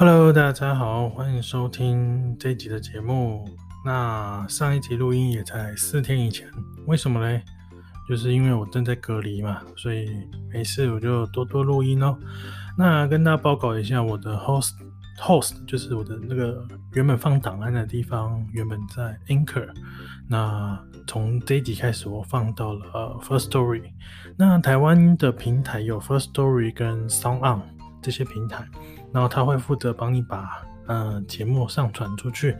Hello，大家好，歡迎收聽這一集的節目。那上一集錄音也才四天以前，為什麼咧？就是因為我正在隔離嘛，所以沒事我就多多錄音咯、哦、那跟大家報告一下，我的 host host 就是我的那個原本放檔案的地方，原本在 Anchor，那從這一集開始我放到了、呃、Firstory。那台灣的平台有 Firstory 跟 Sound On 這些平台。然後他會負責幫你把嗯、呃、節目上傳出去，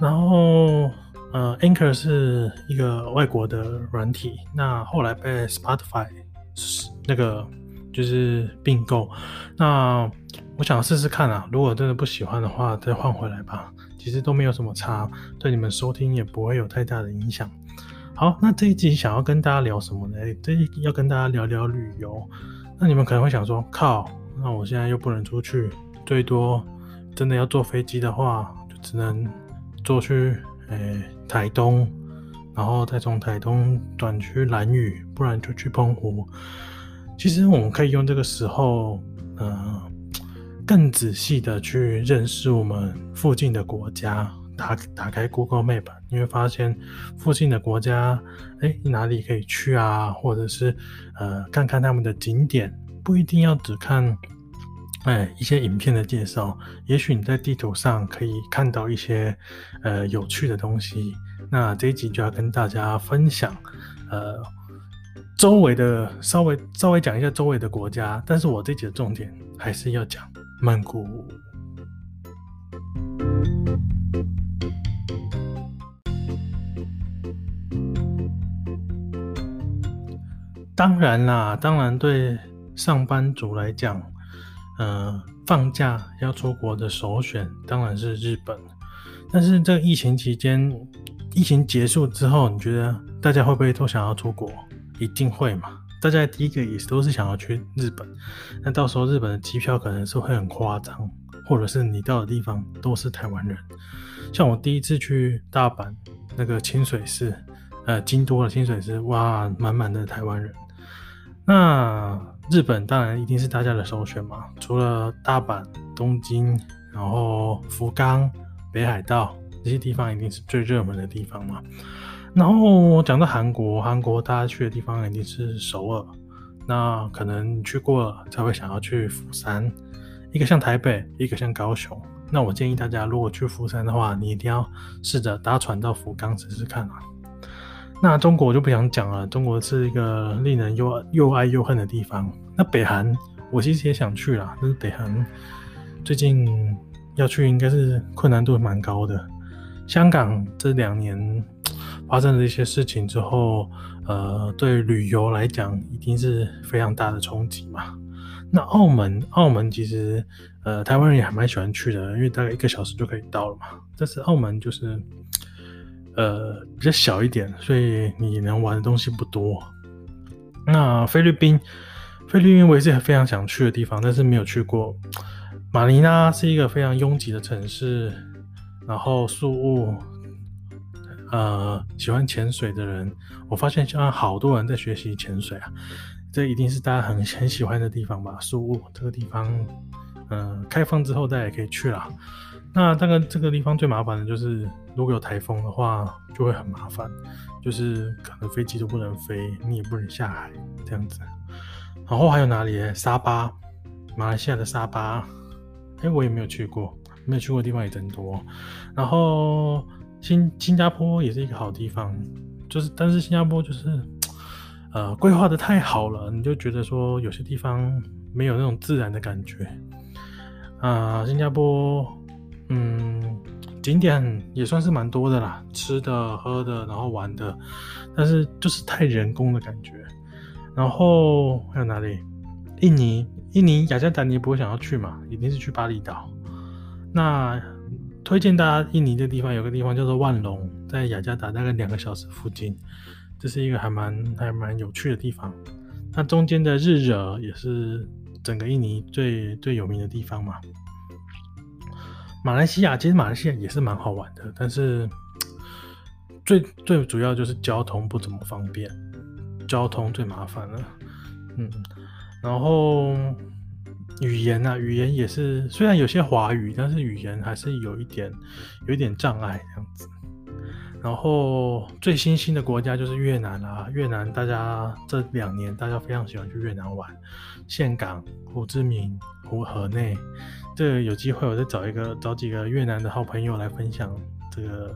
然後呃 Anchor 是一個外國的軟體，那後來被 Spotify 那個就是併購，那我想試試看啊，如果真的不喜歡的話再換回來吧，其實都沒有什麼差，對你們收聽也不會有太大的影響。好，那這一集想要跟大家聊什麼呢？這一集要跟大家聊聊旅遊，那你們可能會想說，靠。那我現在又不能出去，最多真的要坐飛機的話，就只能坐去誒、欸、台東，然後再從台東轉去蘭嶼，不然就去澎湖。其實我們可以用這個時候，嗯、呃，更仔細的去認識我們附近的國家。打打開 Google Map，你會發現附近的國家，哎、欸、哪裡可以去啊？或者是呃看看他們的景點，不一定要只看。哎，一些影片的介紹，也許你在地圖上可以看到一些呃有趣的東西。那這一集就要跟大家分享，呃，周圍的稍微稍微講一下周圍的國家，但是我這集的重點還是要講曼谷。當然啦，當然對上班族來講。呃，放假要出國的首選當然是日本，但是這個疫情期間，疫情結束之後，你覺得大家會不會都想要出國？一定會嘛？大家第一個意思都是想要去日本，那到時候日本的機票可能是會很誇張，或者是你到的地方都是台灣人。像我第一次去大阪那個清水寺，呃，京都的清水寺，哇，滿滿的台灣人。那日本當然一定是大家的首選嘛，除了大阪、東京，然後福岡、北海道這些地方一定是最熱門的地方嘛。然後講到韓國，韓國大家去的地方一定是首爾，那可能你去過了才會想要去釜山。一個像台北，一個像高雄。那我建議大家如果去釜山的話，你一定要試着搭船到福岡試試看啊。那中國我就不想講了，中國是一個令人又又愛又恨的地方。那北韓我其實也想去啦，但是北韓最近要去應該是困難度蠻高的。香港這兩年發生了一些事情之後，呃，對旅遊來講一定是非常大的衝擊嘛。那澳門，澳門其實呃，台灣人也還蠻喜歡去的，因為大概一個小時就可以到了嘛。但是澳門就是。呃，比較小一點，所以你能玩的東西不多。那菲律賓，菲律賓我也是非常想去的地方，但是沒有去過。馬尼拉是一個非常擁擠的城市，然後宿務，呃，喜歡潛水的人，我發現現在好多人在學習潛水啊，這一定是大家很很喜歡的地方吧？宿務這個地方，嗯、呃，開放之後大家也可以去啦。那大概這個地方最麻煩的就是，如果有颱風的話，就會很麻煩，就是可能飛機都不能飛，你也不能下海這樣子。然後還有哪裡、欸？沙巴，馬來西亞的沙巴，哎，我也沒有去過，沒有去過的地方也很多。然後新新加坡也是一個好地方，就是但是新加坡就是，呃，規劃的太好了，你就覺得說有些地方沒有那種自然的感覺啊、呃，新加坡。嗯，景點也算是蠻多的啦，吃的、喝的，然後玩的，但是就是太人工的感覺。然後還有哪裡？印尼，印尼雅加達你也不會想要去嘛？一定是去巴厘島。那推薦大家印尼的地方，有個地方叫做萬隆，在雅加達大概兩個小時附近，這是一個還蠻還蠻有趣的地方。那中間的日惹也是整個印尼最最有名的地方嘛。馬來西亞，其實馬來西亞也是蠻好玩的，但是最最主要就是交通不怎麼方便，交通最麻煩了。嗯，然後語言呢、啊，語言也是雖然有些華語，但是語言還是有一點有一點障礙這樣子。然後最新興的國家就是越南啦、啊，越南大家這兩年大家非常喜歡去越南玩，岘港、胡志明、胡河內。這有機會，我再找一個，找幾個越南的好朋友來分享這個，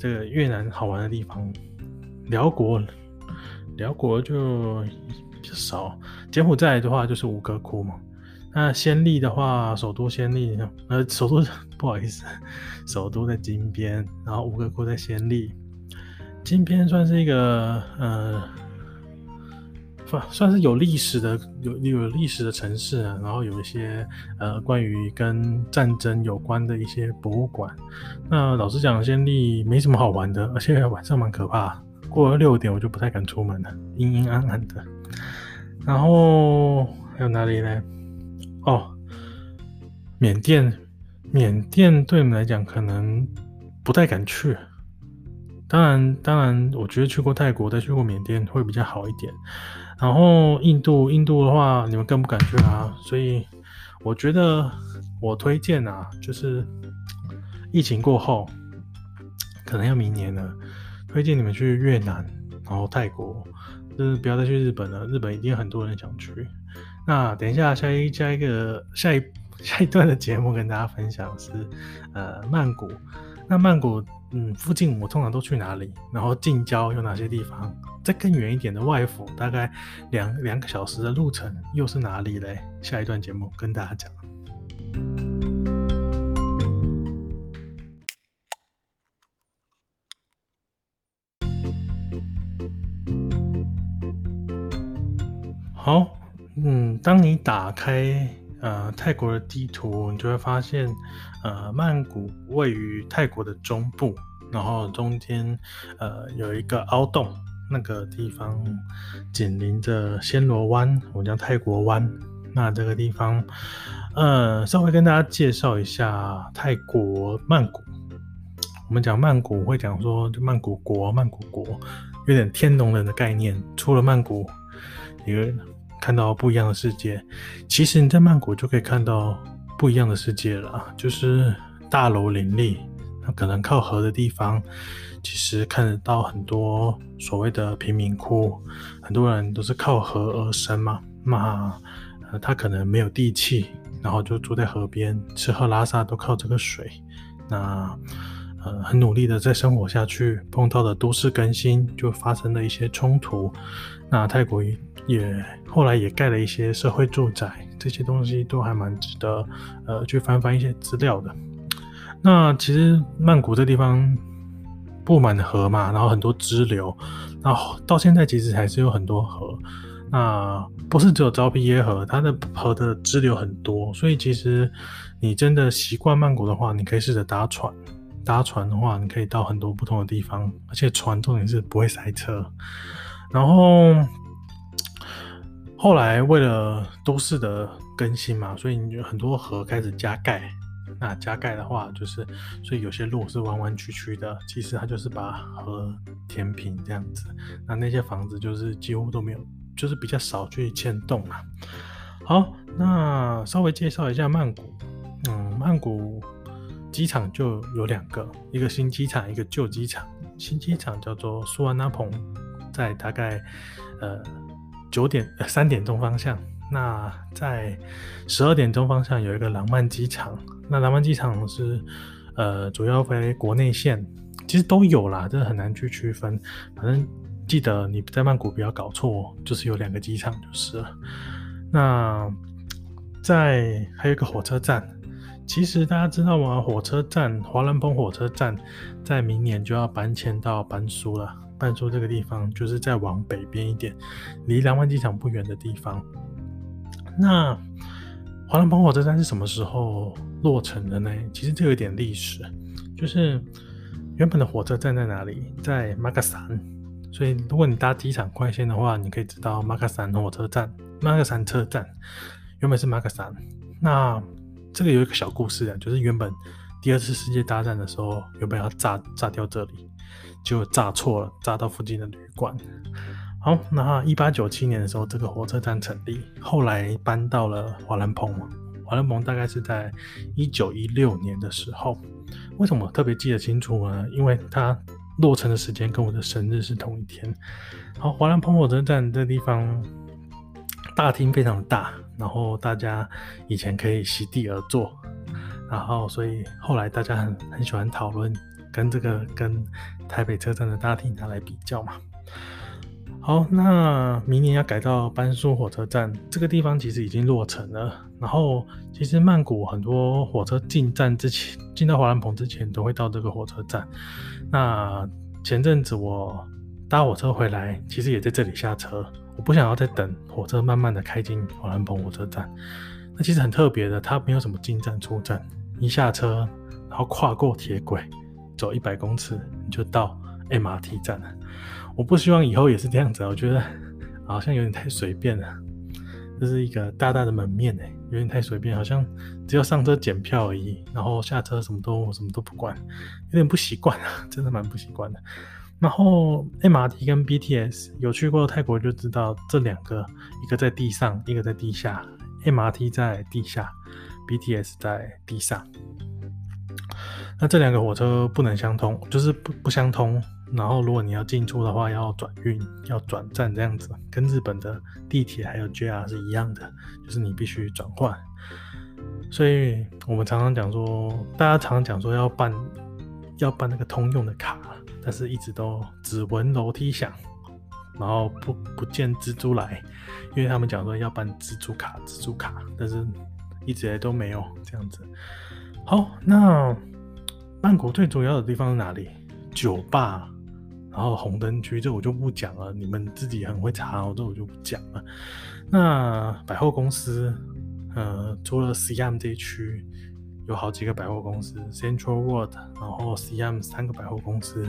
這個越南好玩的地方。遼國，遼國就，就少。柬埔寨的話就是吳哥窟嘛。那暹粒的話，首都暹粒，呃，首都不好意思，首都在金邊，然後吳哥窟在暹粒。金邊算是一個，呃。算是有歷史的，有有歷史的城市，啊，然後有一些呃關於跟戰爭有關的一些博物館。那老實講，先例沒什麼好玩的，而且晚上蠻可怕，過了六點我就不太敢出門了，陰陰暗暗的。然後還有哪裡呢？哦，緬甸，緬甸對我們來講可能不太敢去。當然，當然，我覺得去過泰國再去過緬甸會比較好一點。然後印度，印度的話你們更不敢去啊，所以我覺得我推薦啊，就是疫情過後，可能要明年了，推薦你們去越南，然後泰國，就是不要再去日本了，日本一定很多人想去。那等一下下一下一個下一下一段的節目跟大家分享是呃曼谷，那曼谷。嗯，附近我通常都去哪裡？然後近郊有哪些地方？再更遠一點的外府，大概兩兩個小時的路程又是哪裡嘞？下一段節目跟大家講。好，嗯，當你打開。呃，泰國的地圖你就會發現，呃，曼谷位於泰國的中部，然後中間呃有一個凹洞，那個地方緊鄰着暹羅灣，我叫泰國灣。那這個地方，呃稍微跟大家介紹一下泰國曼谷。我們講曼谷會講說，就曼谷國，曼谷國有點天龍人的概念，出了曼谷一個人，看到不一樣的世界，其實你在曼谷就可以看到不一樣的世界了。就是大樓林立，那可能靠河的地方，其實看得到很多所謂的貧民窟。很多人都是靠河而生嘛，那、呃、他可能沒有地契，然後就住在河邊，吃喝拉撒都靠這個水。那呃，很努力的在生活下去，碰到的都市更新就發生了一些衝突。那泰國。也後來也蓋了一些社會住宅，這些東西都還蠻值得，呃，去翻翻一些資料的。那其實曼谷這地方布滿河嘛，然後很多支流，然後到現在其實還是有很多河。那不是只有昭披耶河，它的河的支流很多，所以其實你真的習慣曼谷的話，你可以試着搭船。搭船的話，你可以到很多不同的地方，而且船重點是不會塞車。然後。後來為了都市的更新嘛，所以很多河開始加蓋。那加蓋的話，就是所以有些路是彎彎曲曲的。其實它就是把河填平這樣子。那那些房子就是幾乎都沒有，就是比較少去牽動、啊、好，那稍微介紹一下曼谷。嗯，曼谷機場就有兩個，一個新機場，一個舊機場。新機場叫做素萬那彭，在大概呃。九點，呃，三點鐘方向，那在十二點鐘方向有一個廊曼機場。那廊曼機場是，呃，主要為國內線，其實都有啦，這很難去區分。反正記得你在曼谷不要搞錯，就是有兩個機場就是了。那在還有一個火車站，其實大家知道嗎？火車站華南蓬火車站在明年就要搬遷到班蘇了。半州這個地方，就是在往北邊一點，離廊曼機場不遠的地方。那華南蓬火車站是什麼時候落成的呢？其實這有點歷史，就是原本的火車站在哪裡，在馬卡山。所以如果你搭機場快線的話，你可以知道馬卡山火車站、馬卡山車站。原本是馬卡山。那這個有一個小故事啊，就是原本第二次世界大戰的時候，原本要炸炸掉這裡。就炸錯了，炸到附近的旅館。好，然後一八九七年的時候，這個火車站成立，後來搬到了華蘭彭。華蘭彭大概是在一九一六年的時候，為什麼我特別記得清楚呢？因為它落成的時間跟我的生日是同一天。好，華蘭彭火車站這地方大廳非常大，然後大家以前可以席地而坐，然後所以後來大家很很喜歡討論。跟這個跟台北車站的大廳，它來比較嘛。好，那明年要改到班蘇火車站，這個地方其實已經落成了。然後，其實曼谷很多火車進站之前，進到華蘭蓬之前，都會到這個火車站。那前陣子我搭火車回來，其實也在這裡下車。我不想要再等火車慢慢的開進華蘭蓬火車站。那其實很特別的，它沒有什麼進站出站，一下車然後跨過鐵軌，走一百公尺，你就到 MRT 站了。我不希望以後也是這樣子啊，我覺得好像有點太隨便了。這是一個大大的門面欸，有點太隨便，好像只要上車檢票而已，然後下車什麼都我什麼都不管，有點不習慣啊，真的蠻不習慣的。然後 MRT 跟 BTS 有去過泰國就知道這兩個，一個在地上，一個在地下。MRT 在地下，BTS 在地上。那這兩個火車不能相通，就是不不相通。然後如果你要進出的話要，要轉運，要轉站這樣子，跟日本的地鐵還有 JR 是一樣的，就是你必須轉換。所以我們常常講說，大家常常講說要辦要辦那個通用的卡，但是一直都只聞樓梯響，然後不不見蜘蛛來，因為他們講說要辦蜘蛛卡，蜘蛛卡，但是一直都沒有，這樣子。好，那。曼谷最主要的地方是哪裡？酒吧，然後紅燈區，這我就不講了，你們自己很會查哦，這我就不講了。那百貨公司，呃，除了 CM 這一區，有好幾個百貨公司，Central World，然後 CM 三個百貨公司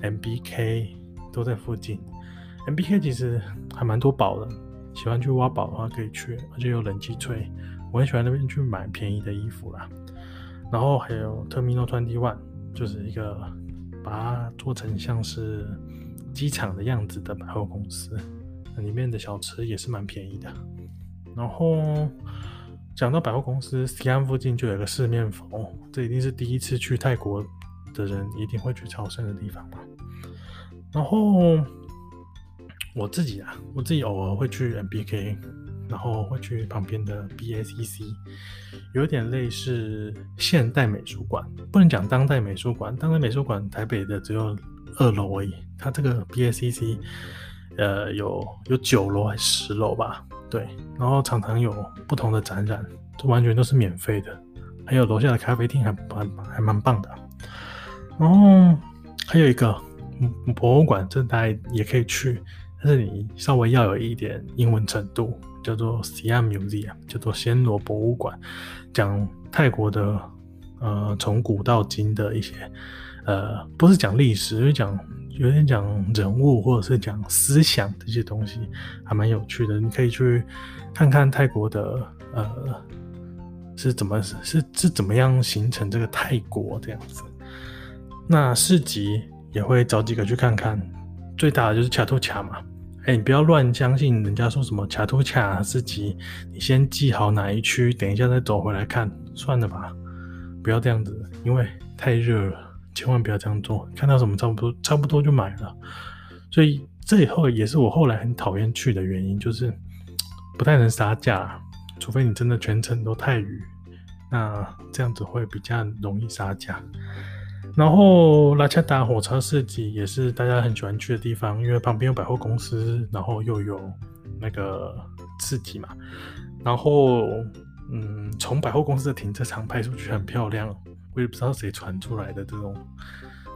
，MBK 都在附近。MBK 其實還蠻多寶的，喜歡去挖寶的話可以去，而且有冷氣吹，我很喜歡那邊去買便宜的衣服啦。然後還有 Terminal 21，就是一個把它做成像是機場的樣子的百貨公司，裡面的小吃也是蠻便宜的。然後講到百貨公司，Siam 附近就有個四面佛，這一定是第一次去泰國的人一定會去朝聖的地方吧。然後我自己啊，我自己偶爾會去 MBK。然後會去旁邊的 BACC，有點類似現代美術館，不能講當代美術館，當代美術館台北的只有二樓而已。它這個 BACC，呃，有有九樓還是十樓吧？對。然後常常有不同的展覽，這完全都是免費的。還有樓下的咖啡廳還蠻還蠻棒的。然後還有一個博物館，這大概也可以去，但是你稍微要有一點英文程度。叫做 Siam Museum，叫做暹羅博物館，講泰國的呃從古到今的一些呃不是講歷史，就講有點講人物或者是講思想這些東西，還蠻有趣的。你可以去看看泰國的呃是怎麼是是怎麼樣形成這個泰國這樣子。那市集也會找幾個去看看，最大的就是 Chatuchak 嘛。哎、欸，你不要亂相信人家說什麼恰圖恰市集，你先記好哪一區，等一下再走回來看，算了吧，不要這樣子，因為太熱了，千萬不要這樣做。看到什麼差不多，差不多就買了，所以這以後也是我後來很討厭去的原因，就是不太能殺價，除非你真的全程都泰語，那這樣子會比較容易殺價。然後拉恰達火車市集也是大家很喜歡去的地方，因為旁邊有百貨公司，然後又有那個市集嘛。然後，嗯，從百貨公司的停車場拍出去很漂亮。我也不知道誰傳出來的這種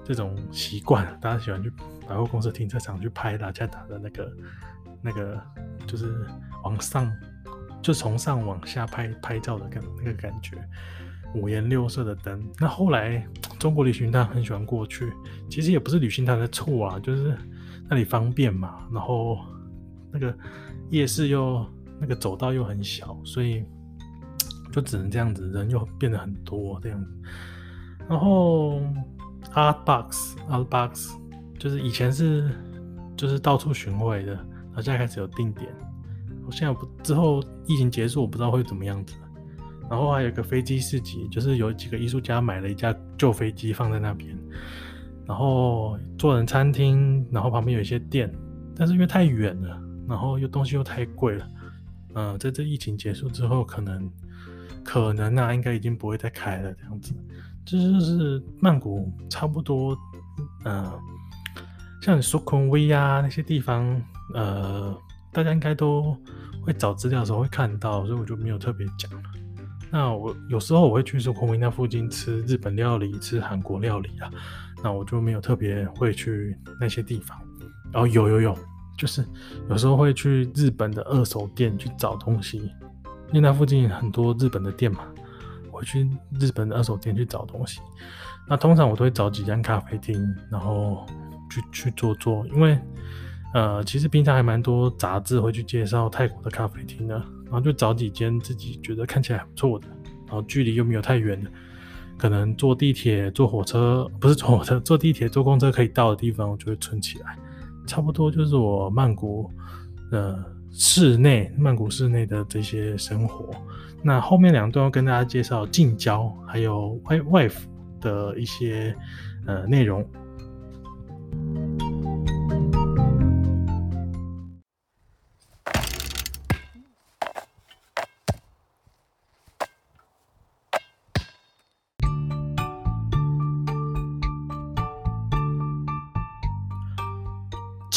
這種習慣，大家喜歡去百貨公司停車場去拍拉恰達的那個那個，就是往上就從上往下拍拍照的感那，那個感覺。五顏六色的燈，那後來中國旅行團很喜歡過去，其實也不是旅行團的錯啊，就是那裡方便嘛，然後那個夜市又，那個走道又很小，所以就只能這樣子，人又變得很多這樣子。然後 Art Box，Art Box 就是以前是就是到處巡迴的，然後現在開始有定點。我現在不，之後疫情結束，我不知道會怎麼樣子。然後還有一個飛機市集，就是有幾個藝術家買了一架舊飛機放在那邊，然後做成餐廳，然後旁邊有一些店，但是因為太遠了，然後又東西又太貴了，呃，在這疫情結束之後，可能可能啊，應該已經不會再開了這樣子，這就，就是曼谷差不多，呃，像你蘇坤威啊那些地方，呃，大家應該都會找資料的時候會看到，所以我就沒有特別講了。那我有時候我會去素坤逸那附近吃日本料理，吃韓國料理啊，那我就沒有特別會去那些地方。然後，哦，有有有，就是有時候會去日本的二手店去找東西，因為那附近很多日本的店嘛，我會去日本的二手店去找東西。那通常我都會找幾家咖啡廳，然後去去坐坐，因為呃，其實平常還蠻多雜誌會去介紹泰國的咖啡廳的。然後就找幾間自己覺得看起來不錯的，然後距離又沒有太遠的，可能坐地鐵、坐火車，不是坐火車，坐地鐵、坐公車可以到的地方，我就會存起來。差不多就是我曼谷的市內，呃，市內曼谷市內的這些生活。那後面兩段要跟大家介紹近郊還有外外府的一些呃內容。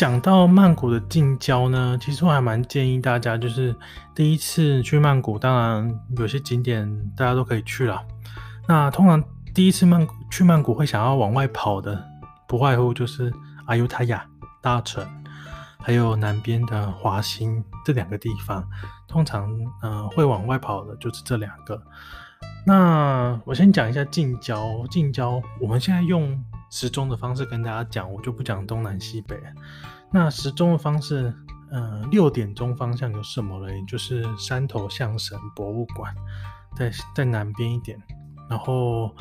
講到曼谷的近郊呢，其實我還蠻建議大家，就是第一次去曼谷，當然有些景點大家都可以去啦。那通常第一次曼去曼谷會想要往外跑的，不外乎就是阿尤泰亞大城，還有南邊的華欣這兩個地方。通常嗯、呃、會往外跑的就是這兩個。那我先講一下近郊，近郊我們現在用，時鐘的方式跟大家講，我就不講東南西北。那時鐘的方式，嗯、呃，六點鐘方向有什麼嘞？就是山頭象神博物館，在在南邊一點。然後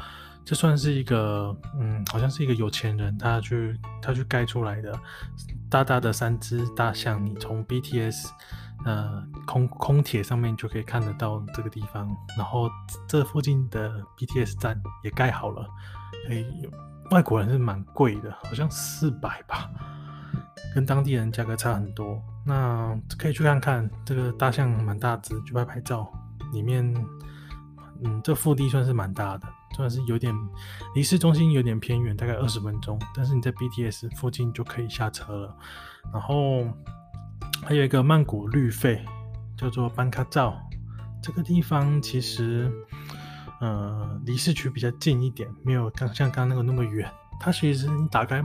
這算是一個，嗯，好像是一個有錢人他去他去蓋出來的，大大的三隻大象。你從 BTS 呃空空鐵上面就可以看得到這個地方。然後這附近的 BTS 站也蓋好了，可、欸、以外國人是蠻貴的，好像四百吧，跟當地人價格差很多。那可以去看看這個大象，蠻大隻，去拍拍照。裡面，嗯，這腹地算是蠻大的，算是有點離市中心有點偏遠，大概二十分鐘。但是你在 BTS 附近就可以下車了。然後還有一個曼谷綠肺，叫做班卡照。這個地方其實。呃，離市區比較近一點，沒有剛像剛剛那個那麼遠。它其實你打開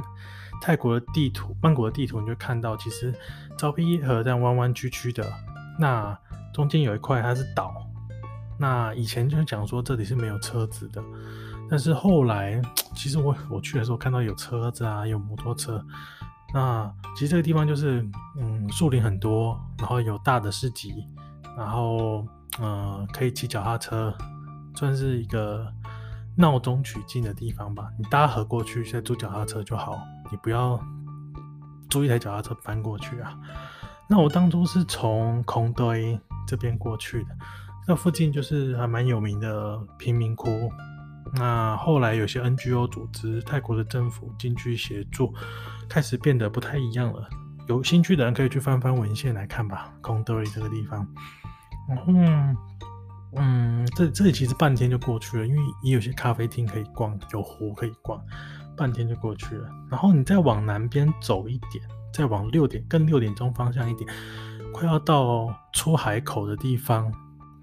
泰國的地圖、曼谷的地圖，你就看到其實昭披耶河這樣彎彎曲曲的。那中間有一塊它是島。那以前就是講說這裡是沒有車子的，但是後來其實我我去的時候看到有車子啊，有摩托車。那其實這個地方就是嗯，樹林很多，然後有大的市集，然後嗯、呃，可以騎腳踏車。算是一個鬧中取靜的地方吧。你搭河，過去，再租腳踏車就好。你不要租一台腳踏車翻過去啊。那我當初是從空堆這邊過去的。那附近就是還蠻有名的貧民窟。那後來有些 NGO 組織、泰國的政府進去協助，開始變得不太一樣了。有興趣的人可以去翻翻文獻來看吧。空堆這個地方，然後嗯。嗯，這這裡其實半天就過去了，因為也有些咖啡廳可以逛，有湖可以逛，半天就過去了。然後你再往南邊走一點，再往六點，更六點鐘方向一點，快要到出海口的地方，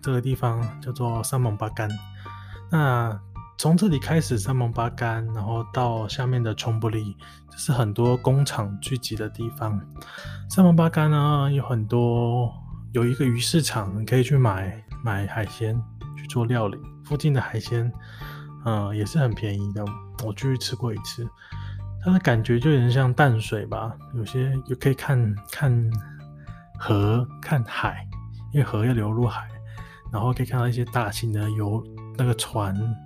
這個地方叫做三蒙巴干。那從這裡開始，三蒙巴干，然後到下面的沖布里，就是很多工廠聚集的地方。三蒙巴干呢，有很多，有一個魚市場，你可以去買。買海鮮去做料理，附近的海鮮，嗯、呃，也是很便宜的。我去吃過一次，它的感覺就有點像淡水吧。有些可以看看河、看海，因為河要流入海，然後可以看到一些大型的遊那個船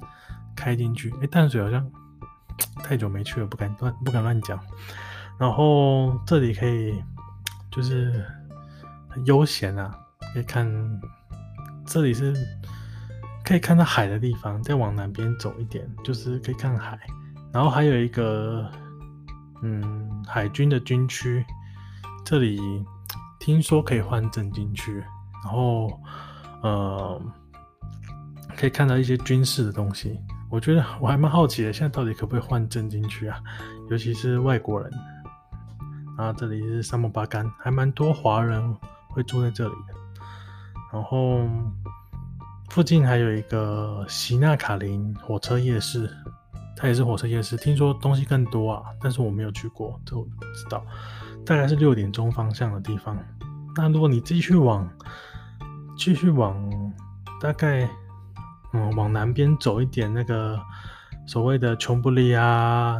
開進去。哎、欸，淡水好像太久沒去了，不敢亂不敢亂講。然後這裡可以就是很悠閒啊，可以看。這裡是可以看到海的地方，再往南邊走一點就是可以看海，然後還有一個，嗯，海軍的軍區，這裡聽說可以換正軍區，然後呃可以看到一些軍事的東西，我覺得我還蠻好奇的，現在到底可不可以換正軍區啊？尤其是外國人。然後這裡是沙沒巴干，還蠻多華人會住在這裡的。然後附近還有一個席納卡林火車夜市，它也是火車夜市，聽說東西更多啊，但是我沒有去過，這我不知道。大概是六點鐘方向的地方。那如果你繼續往繼續往，大概嗯往南邊走一點，那個所謂的瓊布利亞，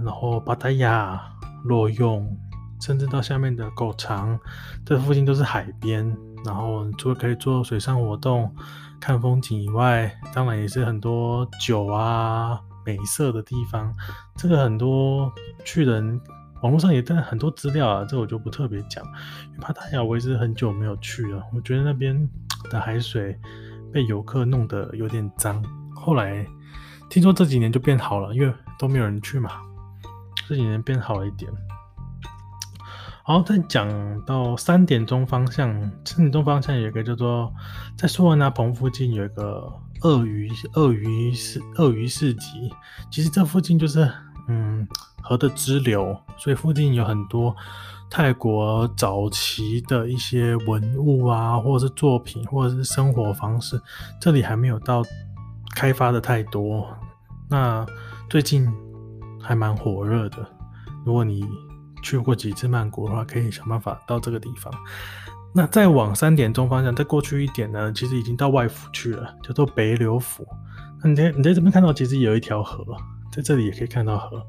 然後巴達雅，羅勇，甚至到下面的狗腸，這附近都是海邊。然後除了可以做水上活動、看風景以外，當然也是很多酒啊、美色的地方。這個很多去人，網絡上也帶很多資料啊，這個我就不特別講，因為帕塔雅我也是很久沒有去了。我覺得那邊的海水被遊客弄得有點髒，後來聽說這幾年就變好了，因為都沒有人去嘛，這幾年變好了一點。好，再講到三點鐘方向，三點鐘方向有一個叫做在蘇萬納蓬附近有一個鱷魚鱷魚，鱷魚市鱷魚市集。其實這附近就是嗯河的支流，所以附近有很多泰國早期的一些文物啊，或者是作品，或者是生活方式。這裡還沒有到開發的太多，那最近還蠻火熱的。如果你去過幾次曼谷的話，可以想辦法到這個地方。那再往三點鐘方向再過去一點呢，其實已經到外府去了，叫做北柳府。那你在你在這邊看到，其實有一條河，在這裡也可以看到河。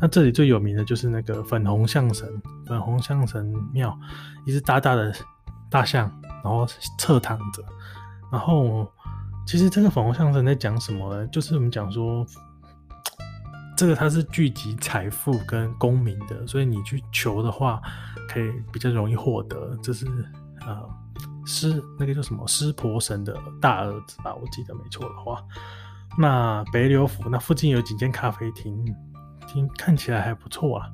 那這裡最有名的就是那個粉紅象神，粉紅象神廟，一只大大的大象，然後側躺着。然後，其實這個粉紅象神在講什麼呢？就是我們講說。這個它是聚集財富跟功名的，所以你去求的話，可以比較容易獲得。這是呃，濕，那個叫什麼濕婆神的大兒子吧？我記得沒錯的話，那北柳府那附近有幾間咖啡廳，聽看起來還不錯啊。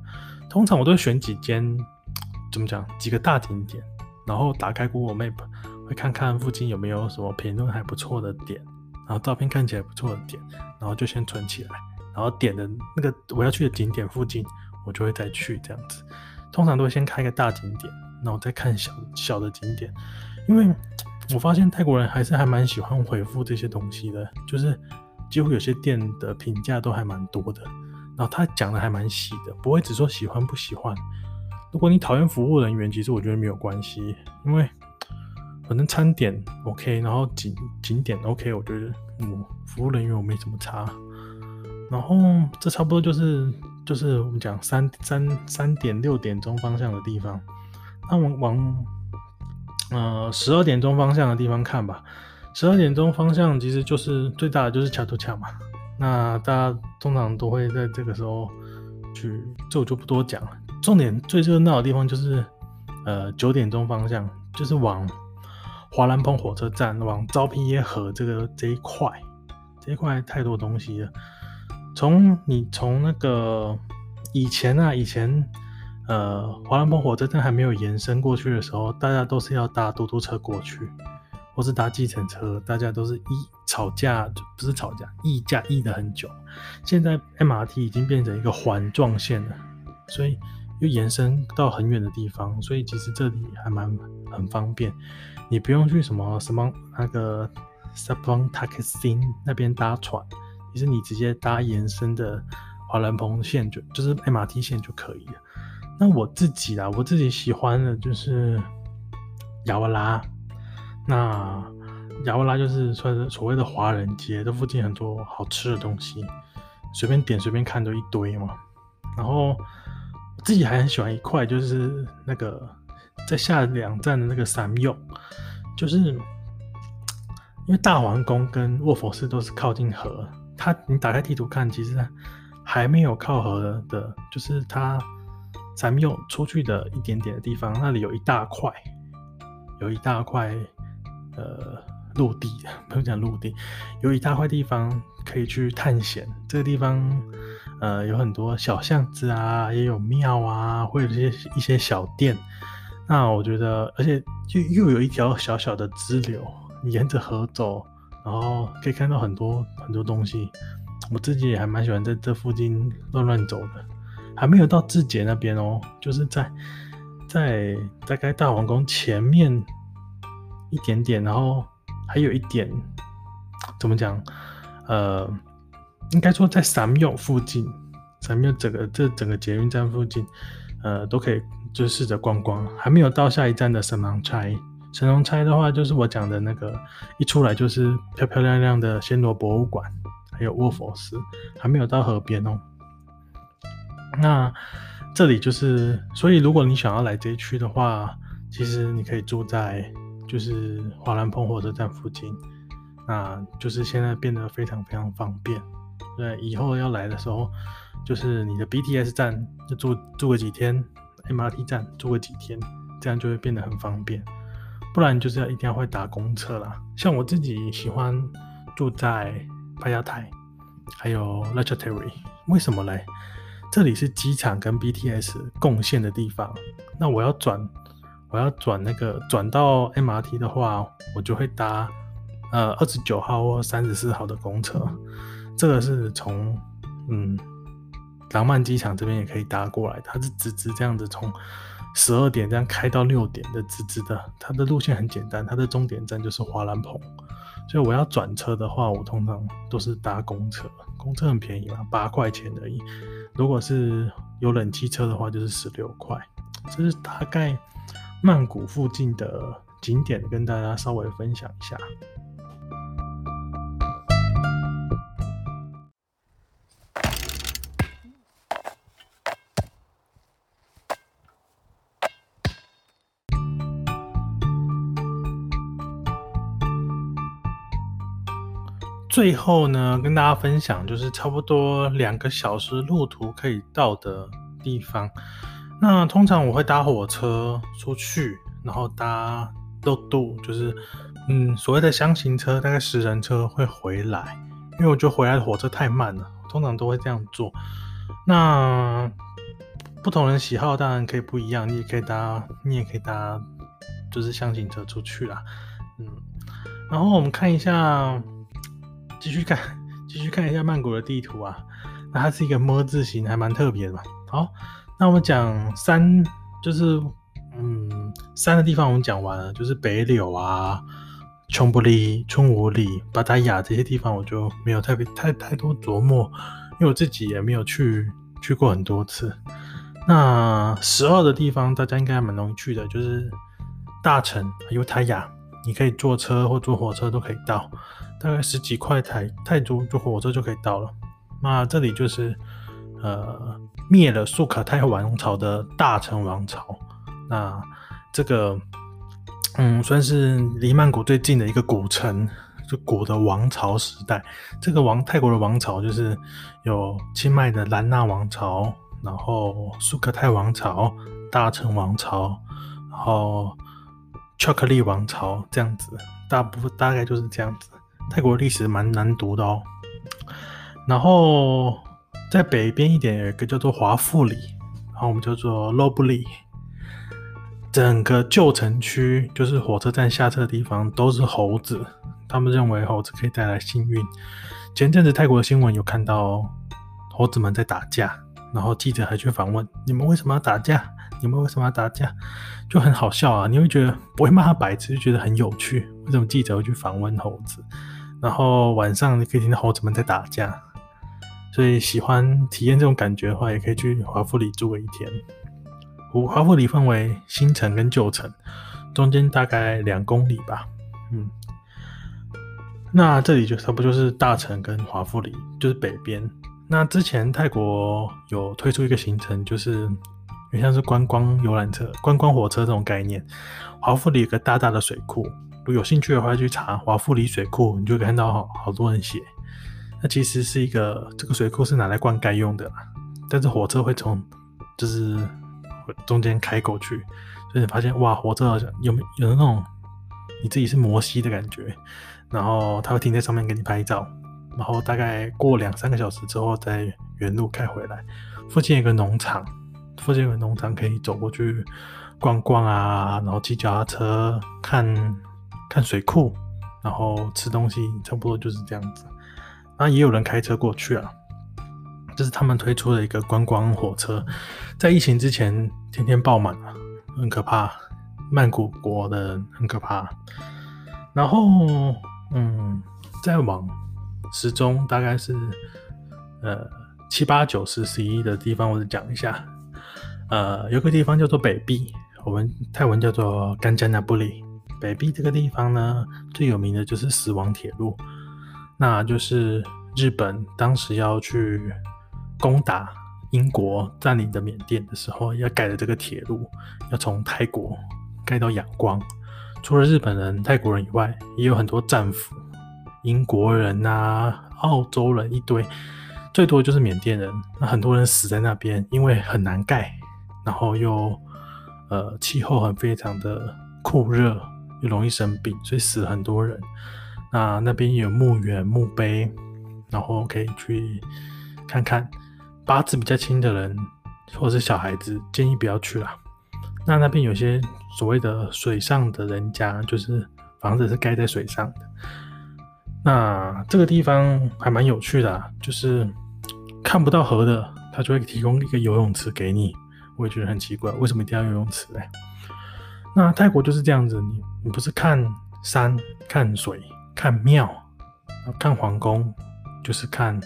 通常我都會選幾間，怎麼講？幾個大景點，然後打開 Google Map，會看看附近有沒有什麼評論還不錯的點，然後照片看起來不錯的點，然後就先存起來。然後點的那個我要去的景點附近，我就會再去這樣子。通常都會先開個大景點，然後再看小小的景點。因為我發現泰國人還是還蠻喜歡回復這些東西的，就是幾乎有些店的評價都還蠻多的，然後他講的還蠻細的，不會只說喜歡不喜歡。如果你討厭服務人員，其實我覺得沒有關係，因為反正餐點 OK，然後景景點 OK，我覺得嗯服務人員我沒怎麼差。然後這差不多就是就是我們講三三三點六點鐘方向的地方，那我們往呃十二點鐘方向的地方看吧。十二點鐘方向其實就是最大的就是恰圖恰嘛。那大家通常都會在這個時候去，這我就不多講了。重點最熱鬧的地方就是呃九點鐘方向，就是往華南蓬火車站往昭披耶河這個這一塊，這一塊太多東西了。從你從那個以前啊，以前呃，華藍蓬火車站還沒有延伸過去的時候，大家都是要搭嘟嘟車過去，或是搭計程車，大家都是議吵架，不是吵架，議價議得很久。現在 MRT 已經變成一個環狀線了，所以又延伸到很遠的地方，所以其實這裡還蠻很方便，你不用去什麼什麼那個 Saphan Taksin 那邊搭船。其實你直接搭延伸的華蘭蓬線就就是 MRT 線，就可以了。那我自己啦、啊，我自己喜歡的就是亞瓦拉。那亞瓦拉就是說所謂的華人街，這附近很多好吃的東西，隨便點隨便看都一堆嘛。然後我自己還很喜歡一塊，就是那個在下兩站的那個山勇，就是因為大皇宮跟臥佛寺都是靠近河。它，你打開地圖看，其實還沒有靠河的，的，就是它才沒有出去的一點點的地方，那裡有一大塊，有一大塊呃陸地，不用講陸地，有一大塊地方可以去探險。這個地方，呃，有很多小巷子啊，也有廟啊，會有一些一些小店。那我覺得，而且又又有一條小小的支流，你沿着河走。然後可以看到很多很多東西，我自己也還蠻喜歡在這附近亂亂走的，還沒有到字節那邊哦，就是在在,在大概大皇宮前面一點點，然後還有一點怎麼講？呃，應該說在 Sam Yan 附近，Sam Yan 整個這整個捷運站附近，呃，都可以就試着逛逛，還沒有到下一站的 Sanam Chai。成龍拆的話，就是我講的那個，一出來就是漂漂亮亮的暹羅博物館，還有臥佛寺，還沒有到河邊哦。那這裡就是，所以如果你想要來這一區的話，其實你可以住在就是華蘭蓬火車站附近，啊，就是現在變得非常非常方便。對，以後要來的時候，就是你的 BTS 站就住住個幾天，MRT 站住個幾天，這樣就會變得很方便。不然就是要一定要會搭公車啦。像我自己喜歡住在帕亞泰，還有 l u t e r y 為什麼嘞？這裡是機場跟 BTS 共線的地方。那我要轉，我要轉那個轉到 MRT 的話，我就會搭呃二十九號或三十四號的公車。這個是從嗯廊曼機場這邊也可以搭過來的，它是直直這樣子從。十二點這樣開到六點的，直直的。它的路線很簡單，它的終點站就是華南蓬。所以我要轉車的話，我通常都是搭公車，公車很便宜嘛，八塊錢而已。如果是有冷氣車的話，就是十六塊。這是大概曼谷附近的景點，跟大家稍微分享一下。最後呢，跟大家分享就是差不多兩個小時路途可以到的地方。那通常我會搭火車出去，然後搭六度，就是嗯所謂的箱型車，大概十人車會回來，因為我覺得回來的火車太慢了，通常都會這樣做。那不同人喜好當然可以不一樣，你也可以搭，你也可以搭就是箱型車出去啦，嗯。然後我們看一下。繼續看，繼續看一下曼谷的地圖啊，那它是一個模字形，還蠻特別的嘛。好，那我們講三，就是嗯，三的地方我們講完了，就是北柳啊、瓊布里、春武里、芭達雅這些地方，我就沒有特別太太多琢磨，因為我自己也沒有去去過很多次。那十二的地方大家應該還蠻容易去的，就是大城、尤他雅，你可以坐車或坐火車都可以到。大概十幾塊泰泰銖，坐火車就可以到了。那這裡就是呃滅了蘇可泰王朝的大城王朝。那這個嗯算是離曼谷最近的一個古城，就古的王朝時代。這個王泰國的王朝就是有清邁的蘭納王朝，然後蘇克泰王朝、大城王朝，然後卻克里王朝這樣子，大部分大概就是這樣子。泰國歷史蠻難讀的哦，然後在北邊一點有一個叫做華富里，然後我們叫做洛布里。整個舊城區就是火車站下車的地方都是猴子，他們認為猴子可以帶來幸運。前陣子泰國的新聞有看到猴子們在打架，然後記者還去訪問，你們為什麼要打架？你們為什麼要打架？就很好笑啊，你會覺得不會罵他白痴，就覺得很有趣。為什麼記者會去訪問猴子？然後晚上你可以聽到猴子們在打架，所以喜歡體驗這種感覺的話，也可以去華富里住個一天。華富里分為新城跟舊城，中間大概兩公里吧。嗯，那這裡就差不多就是大城跟華富里，就是北邊。那之前泰國有推出一個行程，就是很像是觀光遊覽車、觀光火車這種概念。華富里有個大大的水庫。如果有興趣的話，去查華富里水庫，你就會看到好、好多人寫。那其實是一個，這個水庫是拿來灌溉用的啦，但是火車會從就是中間開過去，所以你發現哇，火車好像有沒有那種你自己是摩西的感覺？然後它會停在上面給你拍照，然後大概過兩三個小時之後再原路開回來。附近有個農場，附近有個農場可以走過去逛逛啊，然後騎腳踏車看看水庫，然後吃東西，差不多就是這樣子。啊，也有人開車過去啊，這、就是他們推出的一個觀光火車，在疫情之前天天爆滿、啊，很可怕。曼谷國的人很可怕。然後，嗯，再往時鐘大概是呃七八九十十一的地方，我再講一下。呃，有個地方叫做北碧，我們泰文叫做甘加那布里。北碧這個地方呢，最有名的就是死亡鐵路，那就是日本當時要去攻打英國佔領的緬甸的時候，要蓋的這個鐵路，要從泰國蓋到仰光。除了日本人、泰國人以外，也有很多戰俘、英國人吶、啊、澳洲人一堆，最多就是緬甸人。那很多人死在那邊，因為很難蓋，然後又呃氣候很非常的酷熱，又容易生病，所以死很多人。那那邊有墓園、墓碑，然後可以去看看。八字比較輕的人或是小孩子，建議不要去了。那那邊有些所謂的水上的人家，就是房子是蓋在水上的。那這個地方還蠻有趣的啊，就是看不到河的，他就會提供一個游泳池給你。我也覺得很奇怪，為什麼一定要游泳池呢？那泰國就是這樣子，你你不是看山、看水、看廟、看皇宮，就是看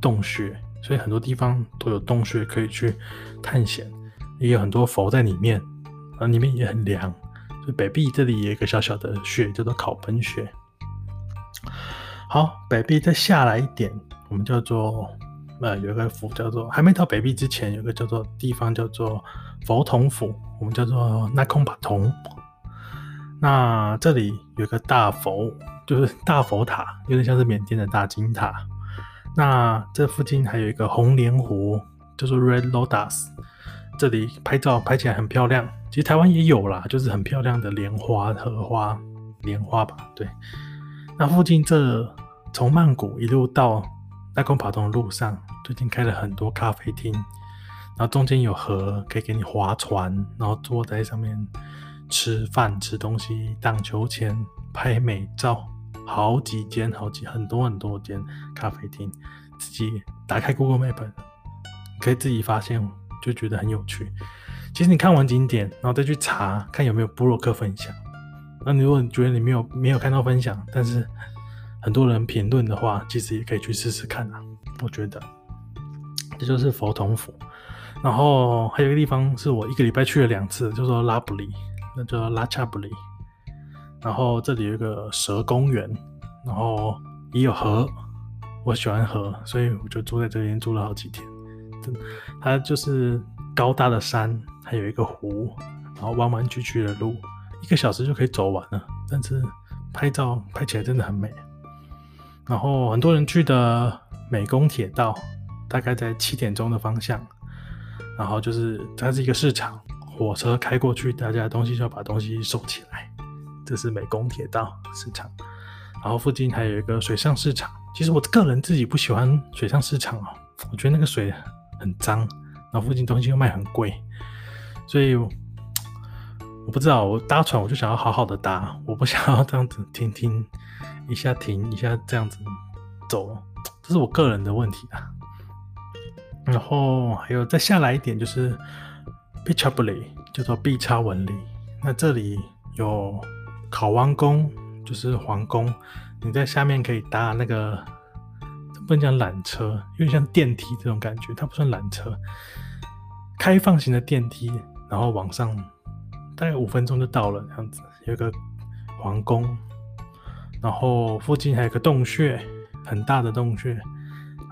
洞穴，所以很多地方都有洞穴可以去探險，也有很多佛在裡面，啊，裡面也很涼。所以北碧這裡也有一個小小的穴叫做考墳穴。好，北碧再下來一點，我們叫做。呃，有一個府叫做還沒到北碧之前，有個叫做地方叫做佛統府，我們叫做那空巴統。那這裡有一個大佛，就是大佛塔，有點像是緬甸的大金塔。那這附近還有一個紅蓮湖，叫做 Red Lotus。這裡拍照拍起來很漂亮。其實台灣也有啦，就是很漂亮的蓮花、荷花、蓮花吧？對。那附近這從曼谷一路到。在剛跑道的路上，最近開了很多咖啡廳，然後中間有河，可以給你划船，然後坐在上面吃飯、吃東西、盪秋千、拍美照，好幾間、好幾很多很多間咖啡廳，自己打開 Google Map，可以自己發現，就覺得很有趣。其實你看完景點，然後再去查看有沒有部落客分享。那你如果你覺得你沒有沒有看到分享，但是很多人評論的話，其實也可以去試試看啊。我覺得這就是佛統府。然後還有一個地方是我一個禮拜去了兩次，就是拉布里，那叫拉恰布里。然後這裡有一個蛇公園，然後也有河，我喜歡河，所以我就住在這邊住了好幾天真的。它就是高大的山，還有一個湖，然後彎彎曲曲的路，一個小時就可以走完了。但是拍照拍起來真的很美。然後很多人去的美功鐵道，大概在七點鐘的方向。然後就是它是一個市場，火車開過去，大家東西就要把東西收起來。這是美功鐵道市場。然後附近還有一個水上市場，其實我個人自己不喜歡水上市場哦，我覺得那個水很髒，然後附近東西又賣很貴，所以我不知道，我搭船我就想要好好的搭，我不想要這樣子停停，一下停，一下這樣子走，這是我個人的問題啊。然後還有再下來一點就是，Bichabli 叫做 B 叉紋理。那這裡有考王宮，就是皇宮。你在下面可以搭那個，不能叫纜車，有點像電梯這種感覺，它不算纜車，開放型的電梯，然後往上，大概五分鐘就到了，這樣子有個皇宮。然後附近還有個洞穴，很大的洞穴，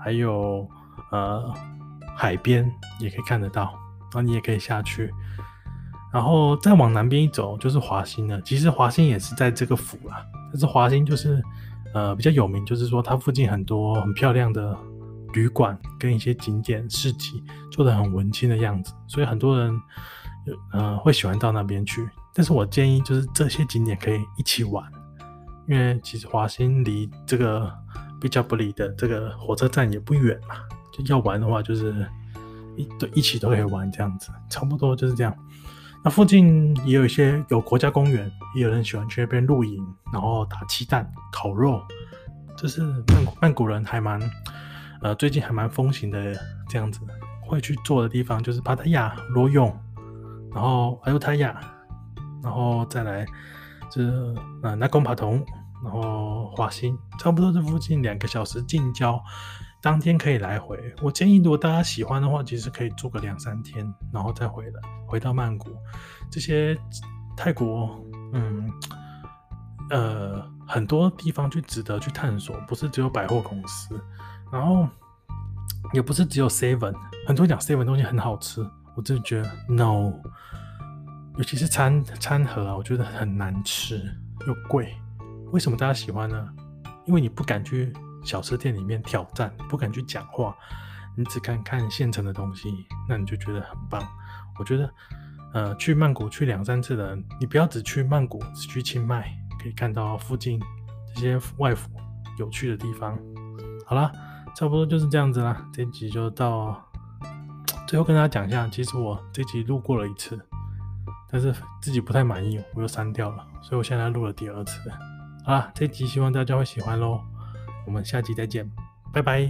還有呃海邊也可以看得到，然後你也可以下去。然後再往南邊一走就是華欣了，其實華欣也是在這個府啦，啊，但是華欣就是呃比較有名，就是說它附近很多很漂亮的旅館跟一些景點市集，做得很文青的樣子，所以很多人呃會喜歡到那邊去。但是我建議就是這些景點可以一起玩。因為其實華欣離這個必加不里的這個火車站也不遠嘛，就要玩的話，就是一對一起都可以玩這樣子，差不多就是這樣。那附近也有一些有國家公園，也有人喜歡去那邊露營，然後打雞蛋、烤肉，就是曼曼谷人還蠻呃最近還蠻風行的這樣子會去做的地方，就是帕塔亞、羅勇，然後阿尤他亞，然後再來。是那空帕通，然後華欣，差不多這附近兩個小時近郊，當天可以來回。我建議如果大家喜歡的話，其實可以住個兩三天，然後再回來回到曼谷。這些泰國，嗯，呃，很多地方去值得去探索，不是只有百貨公司，然後也不是只有 seven，很多人講 seven 東西很好吃，我真的覺得 no。尤其是餐餐盒啊，我覺得很難吃又貴。為什麼大家喜歡呢？因為你不敢去小吃店裡面挑戰，不敢去講話，你只看看現成的東西，那你就覺得很棒。我覺得，呃，去曼谷去兩三次的人，你不要只去曼谷，只去清邁，可以看到附近這些外府有趣的地方。好啦，差不多就是這樣子啦，這一集就到，最後跟大家講一下，其實我這集路過了一次。但是自己不太滿意，我又刪掉了，所以我現在錄了第二次。好了，這一集希望大家會喜歡嘍，我們下集再見，拜拜。